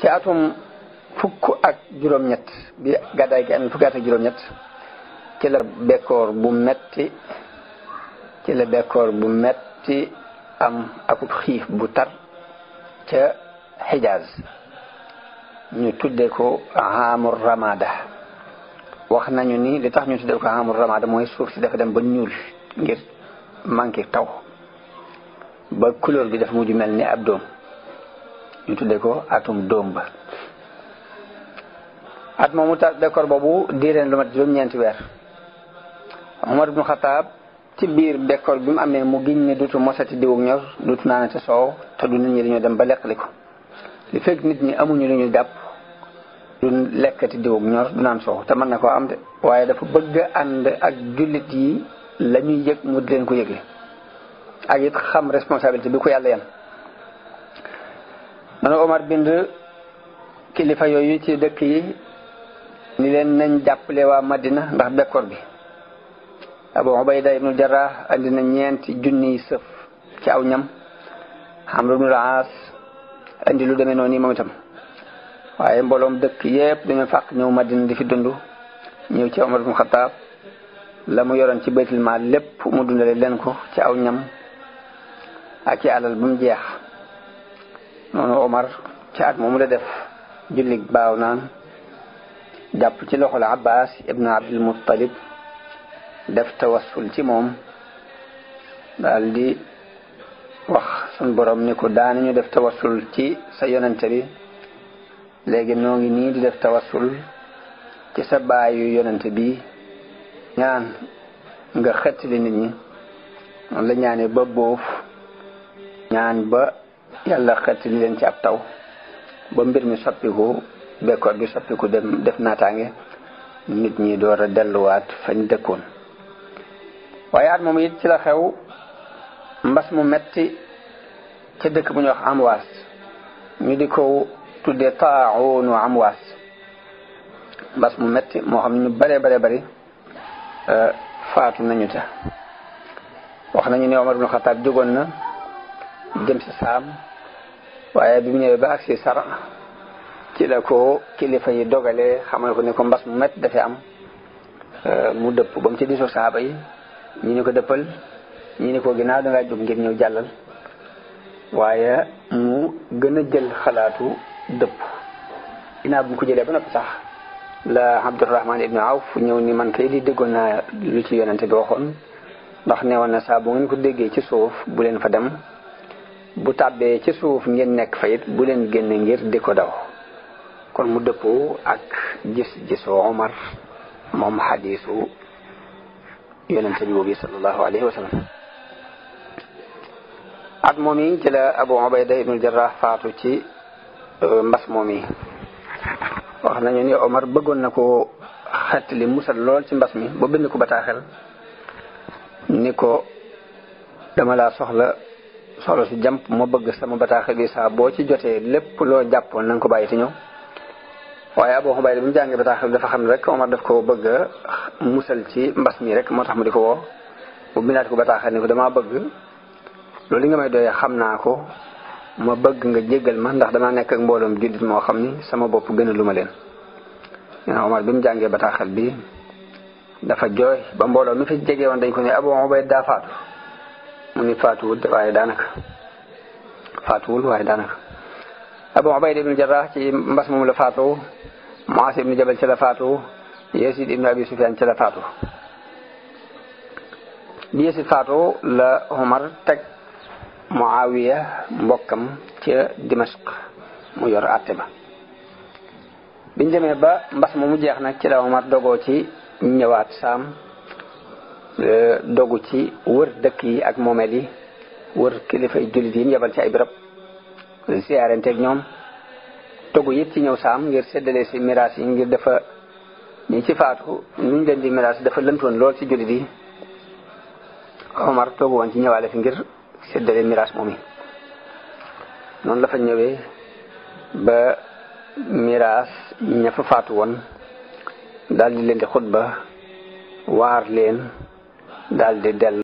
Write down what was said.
ci atum fukk ak juróom-ñett bi gàddaay gi amee fukki at ak juróom-ñett ci la bekkoor bu metti ci la bekkoor bu metti am akub xiif bu tar ca xijaaz ñu tudde ko aamul ramada wax nañu ni li tax ñu tudde ko aamul ramada mooy suuf si dafa dem ba ñuul ngir manqué taw ba couleur bi dafa mujj mel ni ab doom ñu tuddee ko atum doom ba at moomu ta bekkoor boobu diireen lu mat juróom-ñeenti weer Umar ibnu Xataab ci biir bekkoor bi mu amee mu giñ ne dutu mosati diwug ñor dutu naanati soow te du nit ñi dañoo dem ba leqali ko nit ñi amuñu lu ñuy jàpp du lekkati diwug ñor du naan soow te mën na ko am de waaye dafa bëgg ànd ak jullit yi lañuy ñuy yëg mu di leen ko yëgle ak it xam responsabilité bi ko yàlla yan noonu Omar bind kilifa yooyu ci dëkk yi ni leen nañ jàppale waa Madina ndax bekkoor bi Abu Ubayda ibnu Jarrah andi na ñeenti junniy sëf ci aw ñam Amr ibnul Aas andi lu demee noonu moom itam waaye mbooloom dëkk yépp dañu fàq ñëw Madina di fi dund ñëw ci Omar ibnu Xataab ci baytul lépp mu dundale leen ko ci aw ñam ak ci alal bu jeex noonu Omar ci at moomu la def jullig baaw naan jàpp ci loxol Abbas ibnu Abdul Muttalib def tawassul ci moom daal di wax sun borom ni ko daanañu def tawassul ci sa yonente léegi noo ngi nii di def tawassul ci sa baayu yonente bi ñaan nga xett li nit ñi la ñaane ba boof ñaan ba yàlla xettali leen ci ab taw ba mbir mi soppiku bekkoor bi soppiku dem def naataange nit ñi door a delluwaat fañ dëkkoon waaye at moom it ci la xew mbas mu metti ca dëkk bu ñuy wax am amwaas ñu di ko tuddee taaxoonu amwaas mbas mu metti moo xam ñu bare bare bari euh, faatu nañu ta wax nañu ne Omar ibn Xataab jógoon na jëm saam waaye bi mu ñëwee ba agsi sar ci la ko kilifa yi dogale xamal ko ne ko mbas mu met dafay am euh, mu dëpp ba mu ci diisoo saaba yi ñu ni ko dëppal ñu ni ko ginnaaw dangaa jóg ngir ñëw jàllal waaye mu gën a jël xalaatu dëpp ginnaaw bu mu ko jëlee ba noppi sax la Abdurahman ibnu Awf ñëw ni man kay di déggoon na lu ci yonente bi waxoon ndax newoon na saa bu ngeen ko déggee ci suuf bu leen fa dem bu tàbbee ci suuf ngeen nekk fa bu leen génne ngir di ko daw kon mu dëppoo ak gis-gisu Omar moom xadiisu yonente bi boobu sallallahu alayhi at moom yi ci la Abu Ubayda ibnu Jarrah faatu ci euh, mbas moom yi wax nañu ni Omar bëggoon na ko xettali musal lool ci mbas mi ba bind ko bataaxel ni ko dama laa soxla solo si jamp mo bëgg sama bataaxal bi sa bo ci jotee lepp lo jàppoon nang ko bàyyi te ñëw waaye Abu Ubayda bu jàngé jàngee bi dafa xam rek Omar daf ko bëgg musal ci mbass mi rek motax mu diko wo bu bindaat ko bataaxal ni ko dama bëgg lo li nga may doyee xamna ko ma bëgg nga jéggal ma ndax dama nekk ak mbolom jullit mo xamni sama bop gën a lu ma Omar bu jàngé jàngee bi dafa joy ba mbolom mi fi jege won dañ ko ne Abu Ubayda da faatu mu ngi faatuwul waaye daanaka faatuwul waaye daanaka abu ubayd ibnu jarrah ci mbas moom la faatu muas ibnu jabal ci la faatu yasid ibnu abi sufyan ci la faatu la umar teg muawiya mbokkam ca dimashq mu yor àtte ba biñ demee ba mbas mu jeex na ci la umar dogoo ci ñëwaat saam Euh, dogu ci wër dëkk yi ak moomeel yi wër kilifay jullit yi mu yebal ci ay birab ziyaarenteeg ñoom dogu it ci ñëw saam ngir séddale si miraas yi ngir dafa ñi ci faatu ñu leen di miraas dafa lëntoon lool ci jullit yi woon ci ñëwaale fi ngir séddale miraas moom yi noonu ñëwee ba miraas ña fa faatu woon daal di leen di xutba waar leen daal di dellu